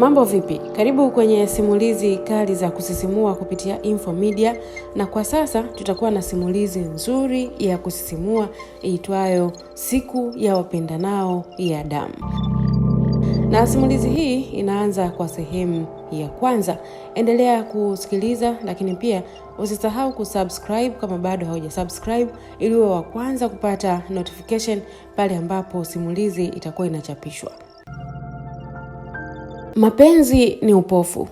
Mambo vipi? Karibu kwenye simulizi kali za kusisimua kupitia Info Media, na kwa sasa tutakuwa na simulizi nzuri ya kusisimua iitwayo Siku ya Wapendanao ya Damu, na simulizi hii inaanza kwa sehemu ya kwanza. Endelea kusikiliza, lakini pia usisahau kusubscribe kama bado haujasubscribe, ili uwe wa kwanza kupata notification pale ambapo simulizi itakuwa inachapishwa. Mapenzi ni upofu,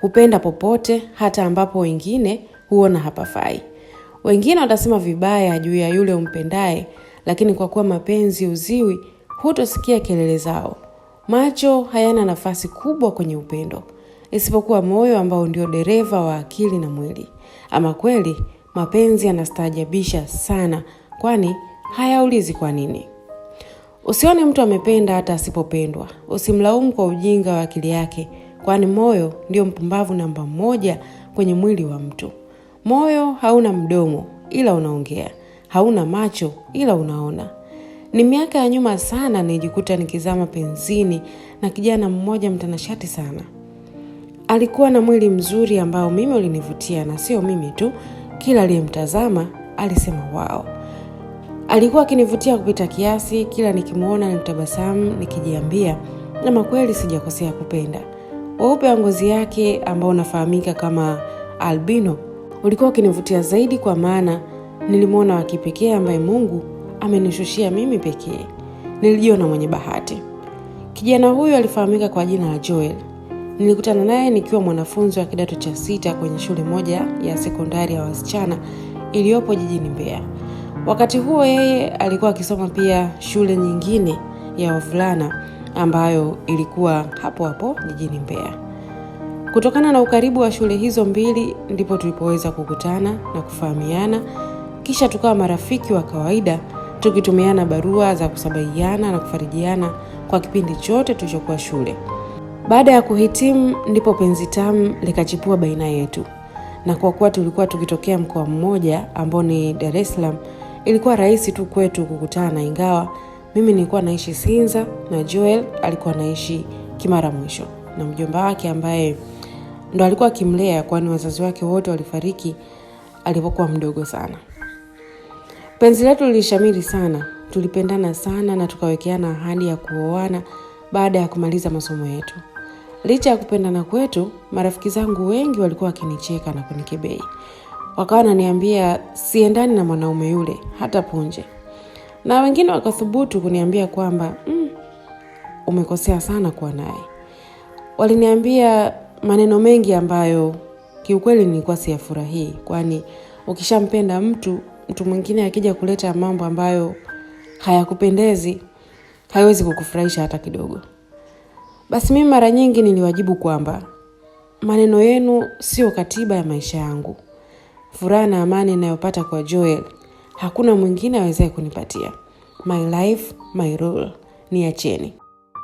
hupenda popote, hata ambapo wengine huona hapafai. Wengine watasema vibaya juu ya yule umpendaye, lakini kwa kuwa mapenzi uziwi, hutosikia kelele zao. Macho hayana nafasi kubwa kwenye upendo, isipokuwa moyo ambao ndio dereva wa akili na mwili. Ama kweli mapenzi yanastaajabisha sana, kwani hayaulizi kwa nini. Usione mtu amependa hata asipopendwa. Usimlaumu kwa ujinga wa akili yake, kwani moyo ndio mpumbavu namba moja kwenye mwili wa mtu. Moyo hauna mdomo ila unaongea, hauna macho ila unaona. Ni miaka ya nyuma sana nilijikuta nikizama penzini na kijana mmoja mtanashati sana. Alikuwa na mwili mzuri ambao mimi ulinivutia, na sio mimi tu, kila aliyemtazama alisema wao Alikuwa akinivutia kupita kiasi, kila nikimwona nitabasamu nikijiambia, na makweli sijakosea kupenda. Weupe wa ngozi yake ambao unafahamika kama albino ulikuwa ukinivutia zaidi, kwa maana nilimwona wa kipekee ambaye Mungu amenishushia mimi pekee. Nilijiona mwenye bahati. Kijana huyu alifahamika kwa jina la Joel. Nilikutana naye nikiwa mwanafunzi wa kidato cha sita kwenye shule moja ya sekondari ya wasichana iliyopo jijini Mbeya. Wakati huo yeye alikuwa akisoma pia shule nyingine ya wavulana ambayo ilikuwa hapo hapo jijini Mbeya. Kutokana na ukaribu wa shule hizo mbili ndipo tulipoweza kukutana na kufahamiana, kisha tukawa marafiki wa kawaida tukitumiana barua za kusabahiana na kufarijiana kwa kipindi chote tulichokuwa shule. Baada ya kuhitimu ndipo penzi tamu likachipua baina yetu, na kwa kuwa tulikuwa tukitokea mkoa mmoja ambao ni Dar es Salaam, Ilikuwa rahisi tu kwetu kukutana, ingawa mimi nilikuwa naishi Sinza na Joel alikuwa naishi Kimara Mwisho na mjomba wake ambaye ndo alikuwa akimlea, kwani wazazi wake wote walifariki alipokuwa mdogo sana. Penzi letu lilishamiri sana, tulipendana sana na tukawekeana ahadi ya kuoana baada ya kumaliza masomo yetu. Licha ya kupendana kwetu, marafiki zangu wengi walikuwa wakinicheka na kunikebei wakawa wananiambia siendani na mwanaume yule hata punje, na wengine wakathubutu kuniambia kwamba mm, umekosea sana kuwa naye. Waliniambia maneno mengi ambayo kiukweli nilikuwa siyafurahii, kwani ukishampenda mtu, mtu mwingine akija kuleta mambo ambayo hayakupendezi haiwezi kukufurahisha hata kidogo. Basi mimi mara nyingi niliwajibu kwamba maneno yenu siyo katiba ya maisha yangu. Furaha na amani inayopata kwa Joel hakuna mwingine awezae kunipatia. My life my rule, niacheni.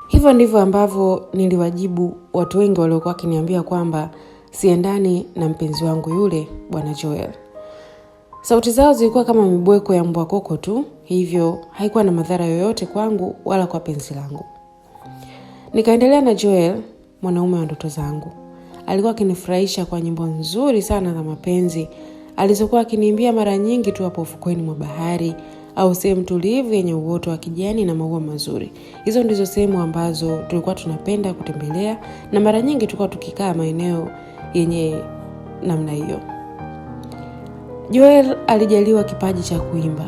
Hivyo ndivyo ambavyo niliwajibu watu wengi waliokuwa wakiniambia kwamba siendani na mpenzi wangu yule bwana Joel. Sauti zao zilikuwa kama mibweko ya mbwa koko tu, hivyo haikuwa na madhara yoyote kwangu wala kwa penzi langu. Nikaendelea na Joel, mwanaume wa ndoto zangu. Alikuwa akinifurahisha kwa nyimbo nzuri sana za mapenzi alizokuwa akiniimbia mara nyingi tu hapo ufukweni mwa bahari au sehemu tulivu yenye uoto wa kijani na maua mazuri. Hizo ndizo sehemu ambazo tulikuwa tunapenda kutembelea, na mara nyingi tulikuwa tukikaa maeneo yenye namna hiyo. Joel alijaliwa kipaji cha kuimba.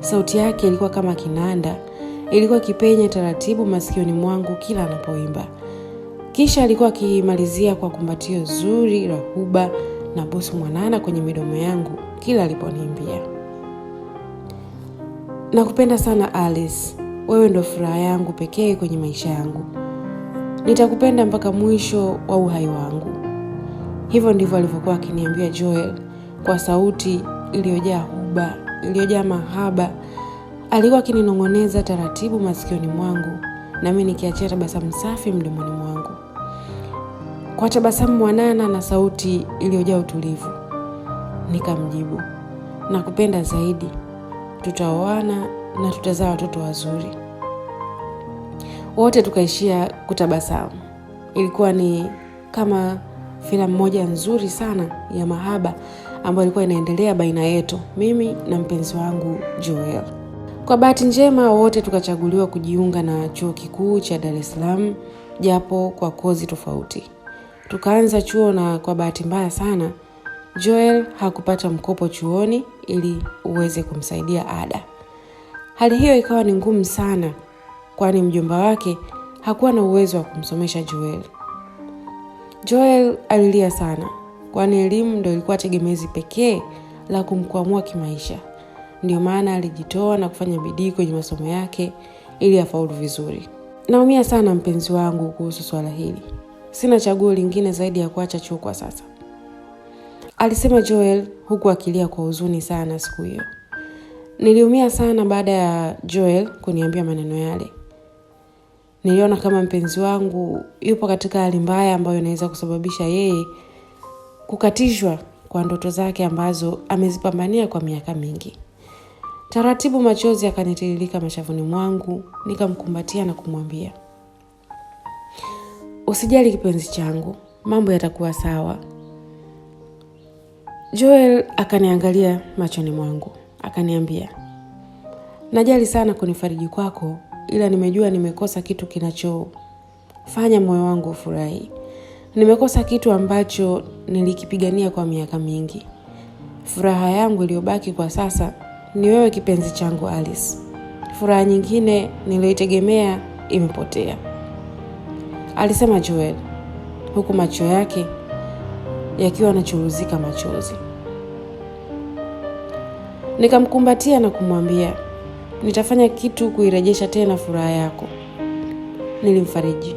Sauti yake ilikuwa kama kinanda, ilikuwa kipenye taratibu masikioni mwangu kila anapoimba. Kisha alikuwa akimalizia kwa kumbatio zuri rahuba na busu mwanana kwenye midomo yangu kila aliponiimbia. Nakupenda sana Alice, wewe ndo furaha yangu pekee kwenye maisha yangu. Nitakupenda mpaka mwisho wa uhai wangu. Hivyo ndivyo alivyokuwa akiniambia Joel kwa sauti iliyojaa huba, iliyojaa mahaba. Alikuwa akininong'oneza taratibu masikioni mwangu, nami nikiachia tabasamu safi mdomoni kwa tabasamu mwanana na sauti iliyojaa utulivu. Nikamjibu, na kupenda zaidi, tutaoana na tutazaa watoto wazuri. Wote tukaishia kutabasamu. Ilikuwa ni kama filamu moja nzuri sana ya mahaba ambayo ilikuwa inaendelea baina yetu, mimi na mpenzi wangu Joel. Kwa bahati njema, wote tukachaguliwa kujiunga na chuo kikuu cha Dar es Salaam, japo kwa kozi tofauti tukaanza chuo, na kwa bahati mbaya sana Joel hakupata mkopo chuoni ili uweze kumsaidia ada. Hali hiyo ikawa ni ngumu sana, kwani mjomba wake hakuwa na uwezo wa kumsomesha Joel. Joel alilia sana, kwani elimu ndio ilikuwa tegemezi pekee la kumkwamua kimaisha. Ndio maana alijitoa na kufanya bidii kwenye masomo yake ili afaulu vizuri. Naumia sana mpenzi wangu kuhusu swala hili. Sina chaguo lingine zaidi ya kuacha chuo kwa sasa, alisema Joel huku akilia kwa huzuni sana. Siku hiyo niliumia sana baada ya Joel kuniambia maneno yale. Niliona kama mpenzi wangu yupo katika hali mbaya ambayo inaweza kusababisha yeye kukatishwa kwa ndoto zake ambazo amezipambania kwa miaka mingi. Taratibu machozi akanitililika mashavuni mwangu, nikamkumbatia na kumwambia Usijali kipenzi changu, mambo yatakuwa sawa. Joel akaniangalia machoni mwangu akaniambia, najali sana kunifariji kwako, ila nimejua nimekosa kitu kinachofanya moyo wangu ufurahi. Nimekosa kitu ambacho nilikipigania kwa miaka mingi. Furaha yangu iliyobaki kwa sasa ni wewe kipenzi changu Alice. Furaha nyingine niliyoitegemea imepotea alisema Joel huku macho yake yakiwa yanachuruzika machozi. Nikamkumbatia na kumwambia nitafanya kitu kuirejesha tena furaha yako, nilimfariji.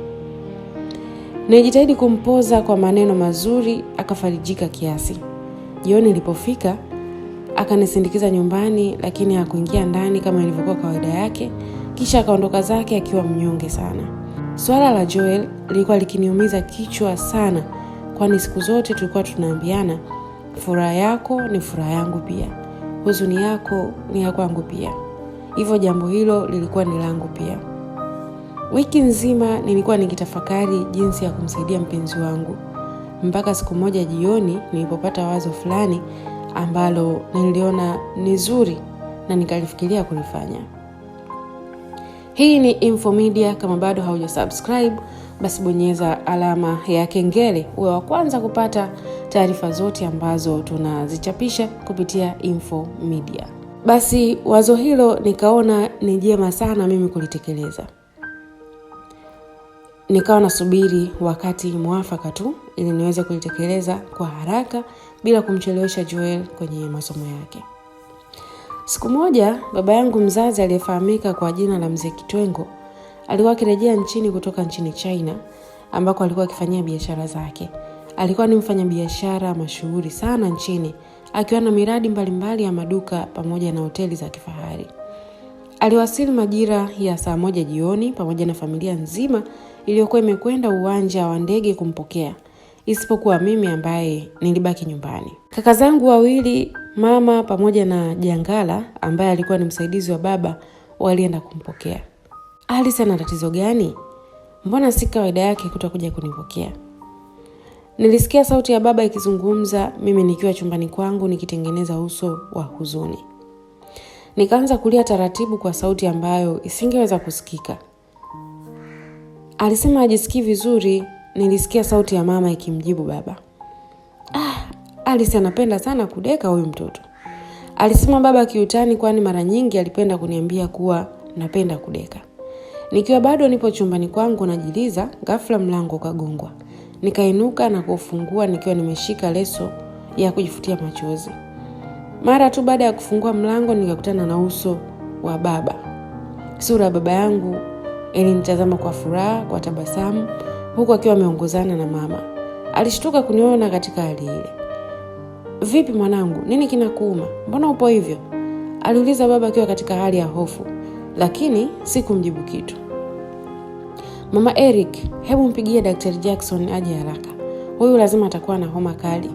Nilijitahidi kumpoza kwa maneno mazuri, akafarijika kiasi. Jioni ilipofika, akanisindikiza nyumbani, lakini hakuingia ndani kama ilivyokuwa kawaida yake, kisha akaondoka zake akiwa mnyonge sana. Swala la Joel lilikuwa likiniumiza kichwa sana, kwani siku zote tulikuwa tunaambiana furaha yako ni furaha yangu pia, huzuni yako ni ya kwangu pia, hivyo jambo hilo lilikuwa ni langu pia. Wiki nzima nilikuwa nikitafakari jinsi ya kumsaidia mpenzi wangu, mpaka siku moja jioni nilipopata wazo fulani ambalo niliona ni zuri na nikalifikiria kulifanya. Hii ni infomedia Kama bado hauja basi bonyeza alama ya kengele uwe wa kwanza kupata taarifa zote ambazo tunazichapisha kupitia infomedia Basi wazo hilo nikaona ni jema sana mimi kulitekeleza, nikawa nasubiri wakati mwafaka tu ili niweze kulitekeleza kwa haraka bila kumchelewesha Joel kwenye masomo yake. Siku moja baba yangu mzazi aliyefahamika kwa jina la Mzee Kitwengo alikuwa akirejea nchini kutoka nchini China ambako alikuwa akifanyia biashara zake. Alikuwa ni mfanyabiashara mashuhuri sana nchini, akiwa na miradi mbalimbali ya maduka pamoja na hoteli za kifahari. Aliwasili majira ya saa moja jioni pamoja na familia nzima iliyokuwa imekwenda uwanja wa ndege kumpokea isipokuwa mimi ambaye nilibaki nyumbani. Kaka zangu wawili, mama pamoja na Jangala ambaye alikuwa ni msaidizi wa baba, walienda kumpokea. Alice ana tatizo gani? Mbona si kawaida yake kutokuja kunipokea? Nilisikia sauti ya baba ikizungumza, mimi nikiwa chumbani kwangu nikitengeneza uso wa huzuni. Nikaanza kulia taratibu kwa sauti ambayo isingeweza kusikika. Alisema ajisikii vizuri Nilisikia sauti ya mama ikimjibu baba. Ah, Alice anapenda sana kudeka huyu mtoto, alisema baba kiutani, kwani mara nyingi alipenda kuniambia kuwa napenda kudeka. Nikiwa bado nipo chumbani kwangu najiliza, ghafla mlango ukagongwa. Nikainuka na kufungua nikiwa nimeshika leso ya kujifutia machozi. Mara tu baada ya kufungua mlango nikakutana na uso wa baba. Sura ya baba yangu ilinitazama kwa furaha, kwa tabasamu huku akiwa ameongozana na mama. Alishtuka kuniona katika hali ile. Vipi mwanangu, nini kinakuuma? Mbona upo hivyo? aliuliza baba akiwa katika hali ya hofu, lakini sikumjibu kitu. Mama Eric, hebu mpigie Daktari Jackson aje haraka, huyu lazima atakuwa na homa kali,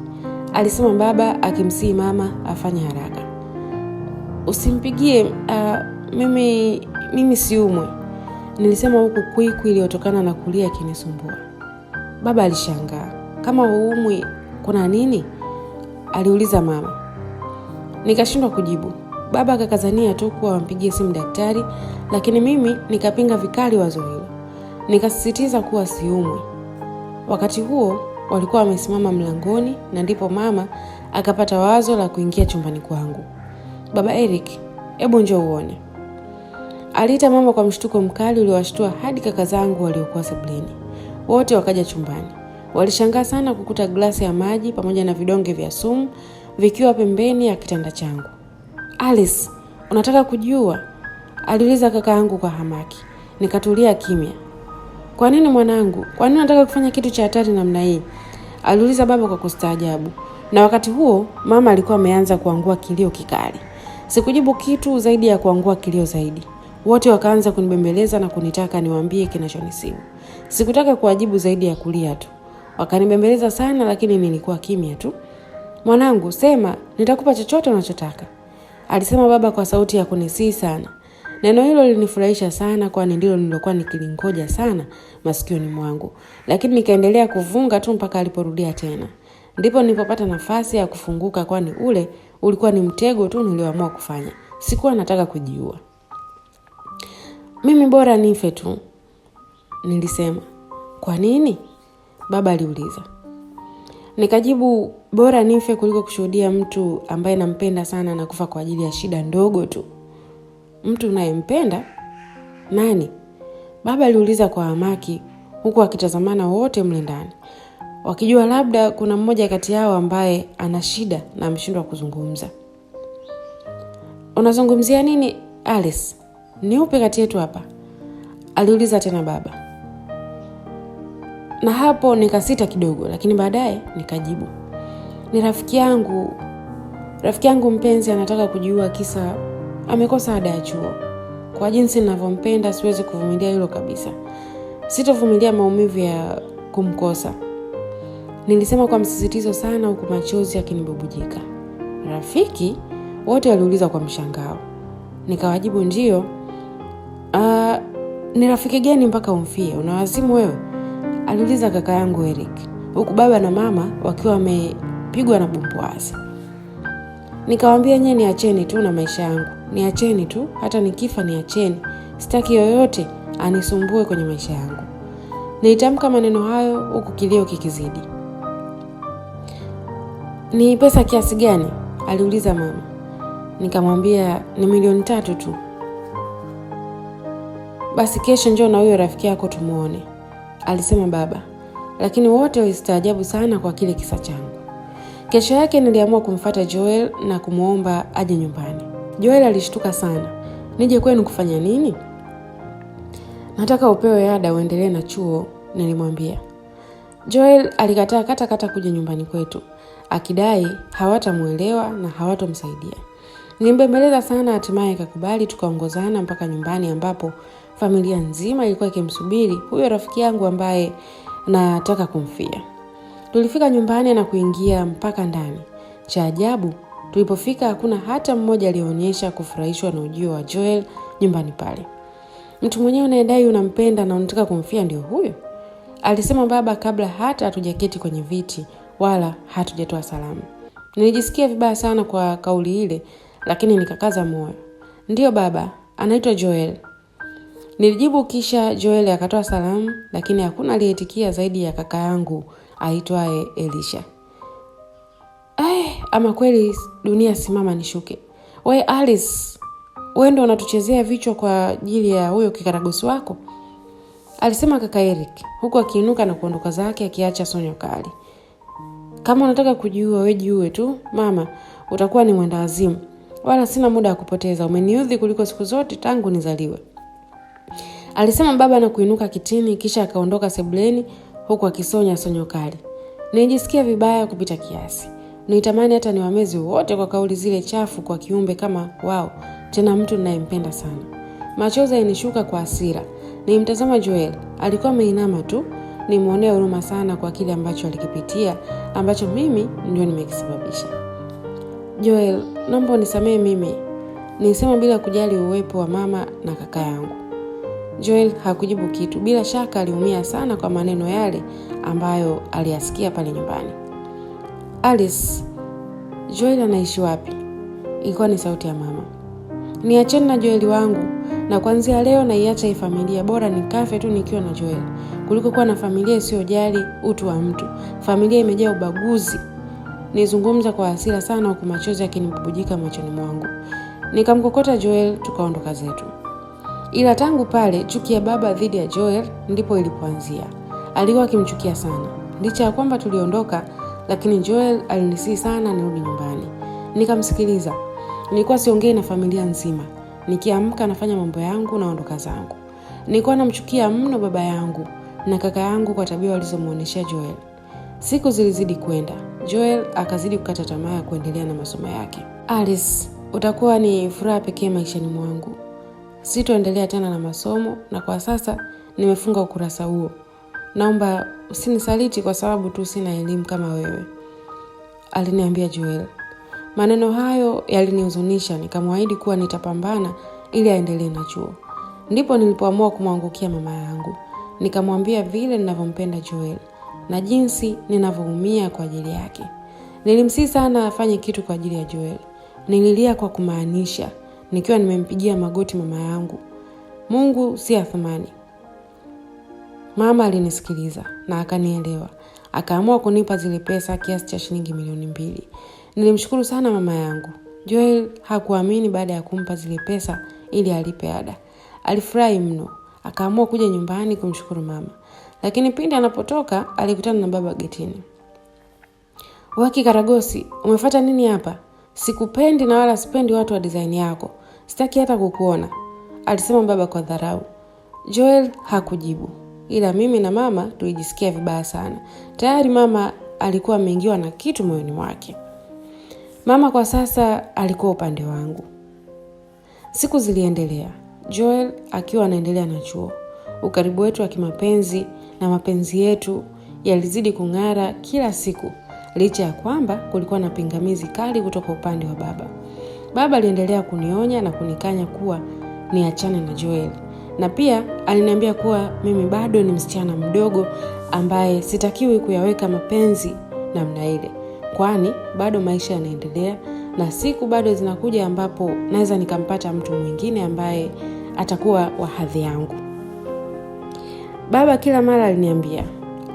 alisema baba akimsii mama afanye haraka. Usimpigie uh, mimi, mimi siumwe nilisema huku kwikwi iliyotokana na kulia ikinisumbua. Baba alishangaa, kama uumwi kuna nini? aliuliza mama. Nikashindwa kujibu. Baba akakazania tu kuwa wampigie simu daktari, lakini mimi nikapinga vikali wazo hilo, nikasisitiza kuwa siumwi. Wakati huo walikuwa wamesimama mlangoni, na ndipo mama akapata wazo la kuingia chumbani kwangu. Baba Eric, hebu njo uone Aliita mama kwa mshtuko mkali uliowashtua hadi kaka zangu waliokuwa sebuleni. Wote wakaja chumbani. Walishangaa sana kukuta glasi ya maji pamoja na vidonge vya sumu vikiwa pembeni ya kitanda changu. Alice, unataka kujua? aliuliza kaka yangu kwa hamaki. Nikatulia kimya. Kwa nini mwanangu? Kwa nini unataka kufanya kitu cha hatari namna hii? aliuliza baba kwa kustaajabu. Na wakati huo mama alikuwa ameanza kuangua kilio kikali. Sikujibu kitu zaidi ya kuangua kilio zaidi. Wote wakaanza kunibembeleza na kunitaka niwaambie kinachonisibu. Sikutaka kuwajibu zaidi ya kulia tu. Wakanibembeleza sana, lakini nilikuwa kimya tu. Mwanangu, sema, nitakupa chochote unachotaka, alisema baba kwa sauti ya kunisii sana. Neno hilo linifurahisha sana, kwani ndilo nililokuwa nikilingoja sana masikioni mwangu, lakini nikaendelea kuvunga tu mpaka aliporudia tena. Ndipo nilipopata nafasi ya kufunguka, kwani ule ulikuwa ni mtego tu nilioamua kufanya. Sikuwa nataka kujiua mimi bora nife tu, nilisema. Kwa nini? baba aliuliza. Nikajibu, bora nife kuliko kushuhudia mtu ambaye nampenda sana kufa kwa ajili ya shida ndogo tu. Mtu unayempenda nani? baba aliuliza kwa hamaki, huku akitazamana wote mle ndani, wakijua labda kuna mmoja kati yao ambaye ana shida na ameshindwa kuzungumza. Unazungumzia nini Alice? ni upe kati yetu hapa? aliuliza tena baba, na hapo nikasita kidogo, lakini baadaye nikajibu, ni rafiki yangu, rafiki yangu mpenzi anataka kujua kisa amekosa ada ya chuo. Kwa jinsi ninavyompenda, siwezi kuvumilia hilo kabisa, sitovumilia maumivu ya kumkosa, nilisema kwa msisitizo sana, huku machozi akinibubujika Rafiki wote waliuliza kwa mshangao, nikawajibu ndio ni rafiki gani mpaka umfie? Unawazimu wewe? aliuliza kaka yangu Eric, huku baba na mama wakiwa wamepigwa na bumbuazi. Nikawambia nyie, niacheni tu na maisha yangu, niacheni tu, hata nikifa niacheni, sitaki yoyote anisumbue kwenye maisha yangu. Nilitamka maneno hayo huku kilio kikizidi. Ni pesa kiasi gani? aliuliza mama. Nikamwambia ni milioni tatu tu. Basi kesho njoo na huyo rafiki yako tumuone, alisema baba, lakini wote walistaajabu sana kwa kile kisa changu. Kesho yake niliamua kumfata Joel na kumwomba aje nyumbani. Joel alishtuka sana. Nije kwenu kufanya nini? Nataka upewe ada uendelee na chuo, nilimwambia. Joel alikataa kata kata kuja nyumbani kwetu, akidai hawatamwelewa na hawatomsaidia. Nilimbembeleza sana, hatimaye akakubali, tukaongozana mpaka nyumbani ambapo familia nzima ilikuwa ikimsubiri huyo rafiki yangu ambaye nataka kumfia. Tulifika nyumbani na kuingia mpaka ndani. Cha ajabu, tulipofika hakuna hata mmoja aliyeonyesha kufurahishwa na ujio wa Joel nyumbani pale. Mtu mwenyewe unayedai unampenda na unataka kumfia ndio huyo, alisema baba kabla hata hatujaketi kwenye viti wala hatujatoa salamu. Nilijisikia vibaya sana kwa kauli ile, lakini nikakaza moyo. Ndiyo baba, anaitwa Joel Nilijibu kisha Joel akatoa salamu, lakini hakuna aliyetikia zaidi ya kaka yangu aitwaye Elisha. Ay, eh, ama kweli dunia simama nishuke. We Alice, wewe ndo unatuchezea vichwa kwa ajili ya huyo kikaragosi wako, alisema kaka Eric huku akiinuka na kuondoka zake akiacha sonyo kali. Kama unataka kujiua we jiue tu mama, utakuwa ni mwenda wazimu, wala sina muda wa kupoteza. Umeniudhi kuliko siku zote tangu nizaliwe alisema baba na kuinuka kitini, kisha akaondoka sebuleni huku akisonya sonyo kali. Nilijisikia vibaya kupita kiasi, nitamani hata wamezi wote kwa kauli zile chafu kwa kiumbe kama wao, tena mtu ninayempenda sana. Machozi yanishuka kwa hasira. nimtazama Joel, alikuwa ameinama tu. Nimwonea huruma sana kwa kile ambacho alikipitia, ambacho mimi ndio nimekisababisha. Joel, naomba unisamehe mimi, nisema bila kujali uwepo wa mama na kaka yangu. Joel hakujibu kitu. Bila shaka aliumia sana kwa maneno yale ambayo aliyasikia pale nyumbani. Alice, Joel anaishi wapi? Ilikuwa ni sauti ya mama. Niacheni na Joel wangu, na kuanzia leo naiacha hii familia, bora kafe tu nikiwa na Joel kuliko kuwa na familia isiyojali utu wa mtu, familia imejaa ubaguzi. Nizungumza kwa hasira sana, huku machozi yakinibubujika machoni mwangu. Nikamkokota Joel tukaondoka zetu. Ila tangu pale chuki ya baba dhidi ya Joel ndipo ilipoanzia. Alikuwa akimchukia sana licha ya kwamba tuliondoka, lakini Joel alinisii sana nirudi nyumbani. Nikamsikiliza, nilikuwa siongei na familia nzima, nikiamka nafanya mambo yangu, naondoka zangu. Nilikuwa namchukia mno baba yangu na kaka yangu kwa tabia walizomwonyesha Joel. Siku zilizidi kwenda, Joel akazidi kukata tamaa ya kuendelea na masomo yake. Alice, utakuwa ni furaha pekee maishani mwangu sitoendelea tena na masomo, na kwa sasa nimefunga ukurasa huo. Naomba usinisaliti kwa sababu tu sina elimu kama wewe, aliniambia juel Maneno hayo yalinihuzunisha, nikamwahidi kuwa nitapambana ili aendelee na chuo. Ndipo nilipoamua kumwangukia mama yangu, nikamwambia vile ninavyompenda juel na jinsi ninavyoumia kwa ajili yake. nilimsii sana afanye kitu kwa ajili ya juel Nililia kwa kumaanisha nikiwa nimempigia magoti mama yangu. Mungu si athumani. Mama alinisikiliza na akanielewa, akaamua kunipa zile pesa kiasi cha shilingi milioni mbili. Nilimshukuru sana mama yangu. Joel hakuamini baada ya kumpa zile pesa ili alipe ada. Alifurahi mno, akaamua kuja nyumbani kumshukuru mama, lakini pindi anapotoka alikutana na baba getini. Waki Karagosi, umefata nini hapa? Sikupendi na wala sipendi watu wa dizaini yako sitaki hata kukuona, alisema baba kwa dharau. Joel hakujibu, ila mimi na mama tulijisikia vibaya sana. Tayari mama alikuwa ameingiwa na kitu moyoni mwake. Mama kwa sasa alikuwa upande wangu. Siku ziliendelea, Joel akiwa anaendelea na chuo. Ukaribu wetu wa kimapenzi na mapenzi yetu yalizidi kung'ara kila siku, licha ya kwamba kulikuwa na pingamizi kali kutoka upande wa baba. Baba aliendelea kunionya na kunikanya kuwa niachane na Joel, na pia aliniambia kuwa mimi bado ni msichana mdogo ambaye sitakiwi kuyaweka mapenzi namna ile, kwani bado maisha yanaendelea na siku bado zinakuja ambapo naweza nikampata mtu mwingine ambaye atakuwa wa hadhi yangu. Baba kila mara aliniambia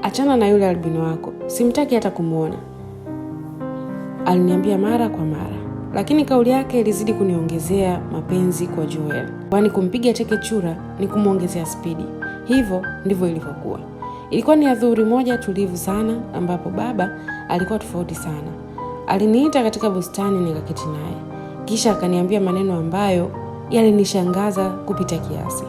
achana na yule albino wako, simtaki hata kumwona. Aliniambia mara kwa mara lakini kauli yake ilizidi kuniongezea mapenzi kwa Joel, kwani kumpiga teke chura ni kumwongezea spidi. Hivyo ndivyo ilivyokuwa. Ilikuwa ni adhuhuri moja tulivu sana, ambapo baba alikuwa tofauti sana. Aliniita katika bustani, nikaketi naye, kisha akaniambia maneno ambayo yalinishangaza kupita kiasi.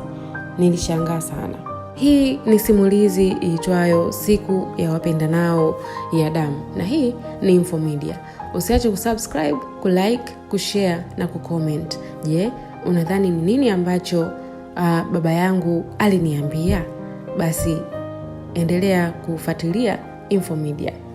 Nilishangaa sana. Hii ni simulizi iitwayo Siku ya Wapendanao ya Damu, na hii ni Infomedia. Usiache kusubscribe, kulike, kushare na kucomment. Je, unadhani ni nini ambacho uh, baba yangu aliniambia? Basi endelea kufuatilia Infomedia.